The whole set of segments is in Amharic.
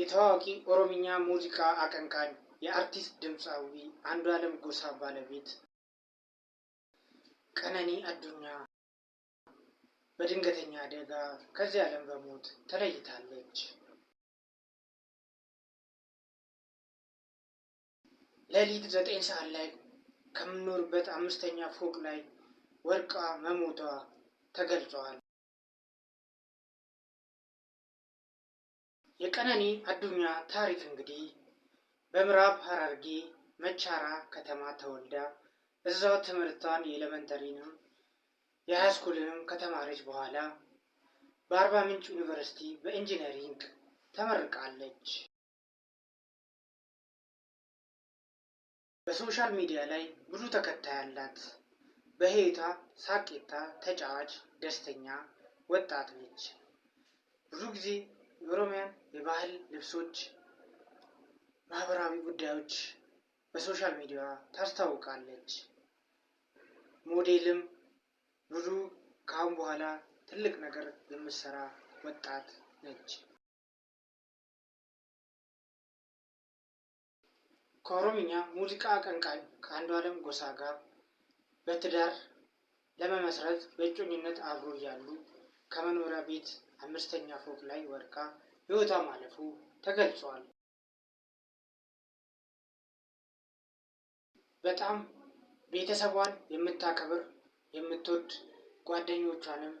የታዋቂ ኦሮምኛ ሙዚቃ አቀንቃኝ የአርቲስት ድምፃዊ አንዱዓለም ጎሳ ባለቤት ቀነኒ አዱኛ በድንገተኛ አደጋ ከዚህ ዓለም በሞት ተለይታለች። ሌሊት ዘጠኝ ሰዓት ላይ ከምኖርበት አምስተኛ ፎቅ ላይ ወድቃ መሞቷ ተገልጿል። የቀነኒ አዱኛ ታሪክ እንግዲህ በምዕራብ ሐረርጌ መቻራ ከተማ ተወልዳ እዛው ትምህርቷን የኤሌመንተሪንም የሃይስኩልንም ከተማረች በኋላ በአርባ ምንጭ ዩኒቨርሲቲ በኢንጂነሪንግ ተመርቃለች። በሶሻል ሚዲያ ላይ ብዙ ተከታይ አላት። በህይወቷ ሳቄታ፣ ተጫዋች፣ ደስተኛ ወጣት ነች። ብዙ ጊዜ የኦሮሚያን የባህል ልብሶች፣ ማህበራዊ ጉዳዮች በሶሻል ሚዲያ ታስታውቃለች። ሞዴልም ብዙ ከአሁን በኋላ ትልቅ ነገር የምትሰራ ወጣት ነች። ከኦሮምኛ ሙዚቃ አቀንቃኝ ከአንዱዓለም ጎሳ ጋር በትዳር ለመመስረት በእጮኝነት አብሮ እያሉ ከመኖሪያ ቤት አምስተኛ ፎቅ ላይ ወድቃ ሕይወቷ ማለፉ ተገልጿል። በጣም ቤተሰቧን የምታከብር የምትወድ ጓደኞቿንም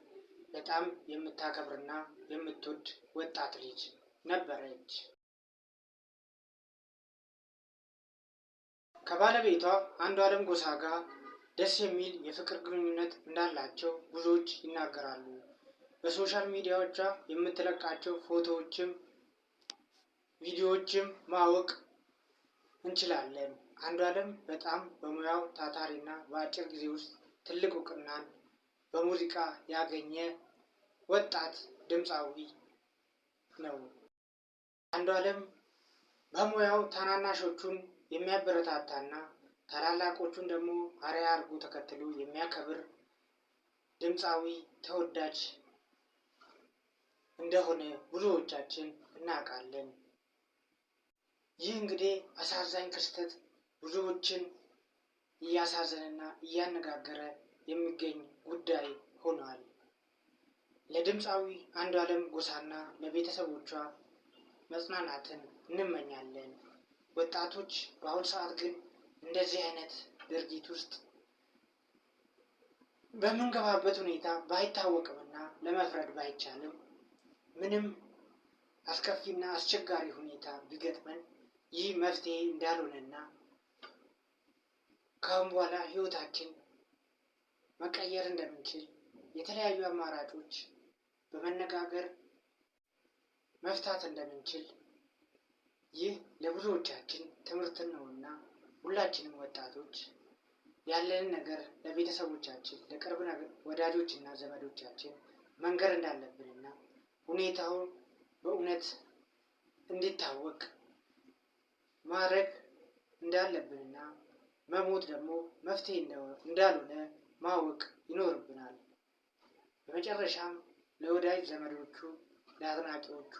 በጣም የምታከብርና የምትወድ ወጣት ልጅ ነበረች። ከባለቤቷ አንዷለም ጎሳ ጋር ደስ የሚል የፍቅር ግንኙነት እንዳላቸው ብዙዎች ይናገራሉ። በሶሻል ሚዲያዎቿ የምትለቃቸው ፎቶዎችም ቪዲዮዎችም ማወቅ እንችላለን። አንዷለም በጣም በሙያው ታታሪ እና በአጭር ጊዜ ውስጥ ትልቅ እውቅናን በሙዚቃ ያገኘ ወጣት ድምፃዊ ነው። አንዷለም በሙያው ታናናሾቹን የሚያበረታታና ታላላቆቹን ደግሞ አርአያ አድርጎ ተከትሎ የሚያከብር ድምፃዊ ተወዳጅ እንደሆነ ብዙዎቻችን እናውቃለን። ይህ እንግዲህ አሳዛኝ ክስተት ብዙዎችን እያሳዘነና እያነጋገረ የሚገኝ ጉዳይ ሆኗል። ለድምፃዊ አንዷለም ጎሳና ለቤተሰቦቿ መጽናናትን እንመኛለን። ወጣቶች በአሁኑ ሰዓት ግን እንደዚህ አይነት ድርጊት ውስጥ በምንገባበት ሁኔታ ባይታወቅምና ለመፍረድ ባይቻልም ምንም አስከፊና አስቸጋሪ ሁኔታ ቢገጥመን ይህ መፍትሄ እንዳልሆነና ከአሁን በኋላ ህይወታችን መቀየር እንደምንችል የተለያዩ አማራጮች በመነጋገር መፍታት እንደምንችል ይህ ለብዙዎቻችን ትምህርት ነውና ሁላችንም ወጣቶች ያለንን ነገር ለቤተሰቦቻችን፣ ለቅርብ ወዳጆችና ዘመዶቻችን መንገር እንዳለብንና ሁኔታው በእውነት እንዲታወቅ ማድረግ እንዳለብንና መሞት ደግሞ መፍትሄ እንዳልሆነ ማወቅ ይኖርብናል። በመጨረሻም ለወዳጅ ዘመዶቹ፣ ለአድናቂዎቹ፣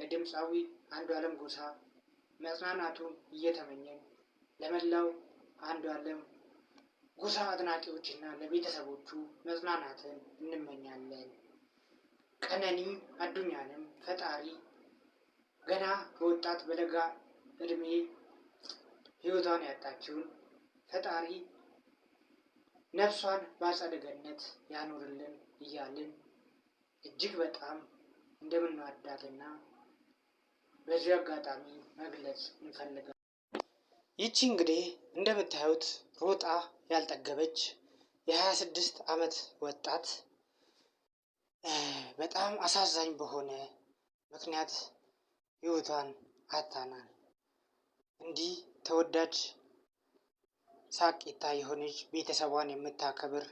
ለድምፃዊ አንዱዓለም ጎሳ መጽናናቱን እየተመኘን ለመላው አንዱዓለም ጎሳ አድናቂዎችና ለቤተሰቦቹ መጽናናትን እንመኛለን። ቀነኒ አዱኛንም ፈጣሪ ገና በወጣት በለጋ እድሜ ህይወቷን ያጣችውን ፈጣሪ ነፍሷን በአጸደ ገነት ያኖርልን እያልን እጅግ በጣም እንደምንወዳትና በዚህ አጋጣሚ መግለጽ እንፈልጋለን። ይቺ እንግዲህ እንደምታዩት ሮጣ ያልጠገበች የ26 ዓመት ወጣት በጣም አሳዛኝ በሆነ ምክንያት ህይወቷን አጥተናል። እንዲህ ተወዳጅ ሳቂታ የሆነች ቤተሰቧን የምታከብር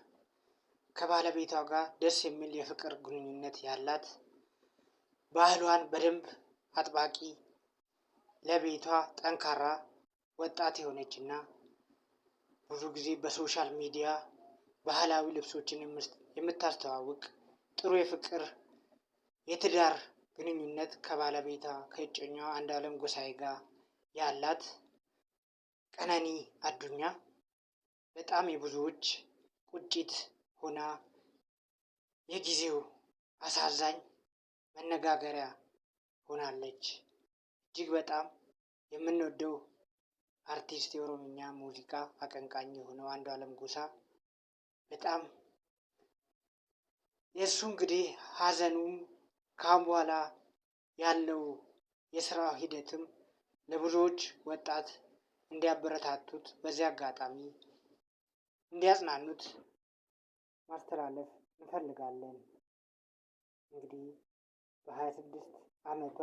ከባለቤቷ ጋር ደስ የሚል የፍቅር ግንኙነት ያላት ባህሏን በደንብ አጥባቂ ለቤቷ ጠንካራ ወጣት የሆነች እና ብዙ ጊዜ በሶሻል ሚዲያ ባህላዊ ልብሶችን የምታስተዋውቅ ጥሩ የፍቅር የትዳር ግንኙነት ከባለቤቷ አንድ አለም ጎሳኤ ጋር ያላት ቀነኒ አዱኛ በጣም የብዙዎች ቁጭት ሆና የጊዜው አሳዛኝ መነጋገሪያ ሆናለች። እጅግ በጣም የምንወደው አርቲስት የኦሮምኛ ሙዚቃ አቀንቃኝ የሆነው አንዱ አለም ጎሳ በጣም የእሱ እንግዲህ ሀዘኑም ካሁን በኋላ ያለው የስራ ሂደትም ለብዙዎች ወጣት እንዲያበረታቱት በዚህ አጋጣሚ እንዲያጽናኑት ማስተላለፍ እንፈልጋለን። እንግዲህ በሀያ ስድስት አመቷ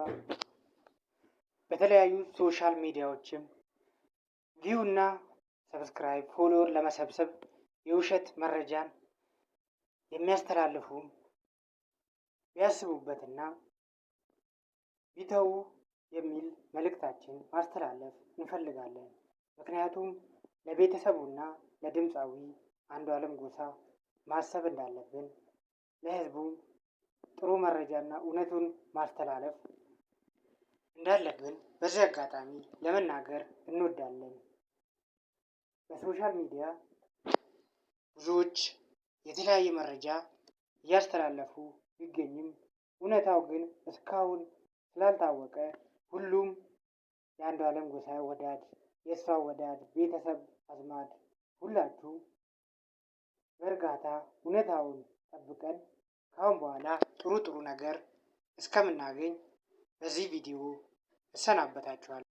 በተለያዩ ሶሻል ሚዲያዎችም ቪው እና ሰብስክራይብ ፎሎወር ለመሰብሰብ የውሸት መረጃን የሚያስተላልፉ ቢያስቡበትና ቢተዉ የሚል መልእክታችን ማስተላለፍ እንፈልጋለን። ምክንያቱም ለቤተሰቡና ለድምፃዊ አንዷለም ጎሳ ማሰብ እንዳለብን ለህዝቡ ጥሩ መረጃና እውነቱን ማስተላለፍ እንዳለብን በዚህ አጋጣሚ ለመናገር እንወዳለን። በሶሻል ሚዲያ ብዙዎች የተለያየ መረጃ እያስተላለፉ ቢገኝም እውነታው ግን እስካሁን ስላልታወቀ ሁሉም አለም ጎሳ ወዳድ የእሷ ወዳድ ቤተሰብ አዝማድ ሁላችሁ በእርጋታ እውነታውን ጠብቀን ካሁን በኋላ ጥሩ ጥሩ ነገር እስከምናገኝ በዚህ ቪዲዮ እሰናበታችኋለሁ።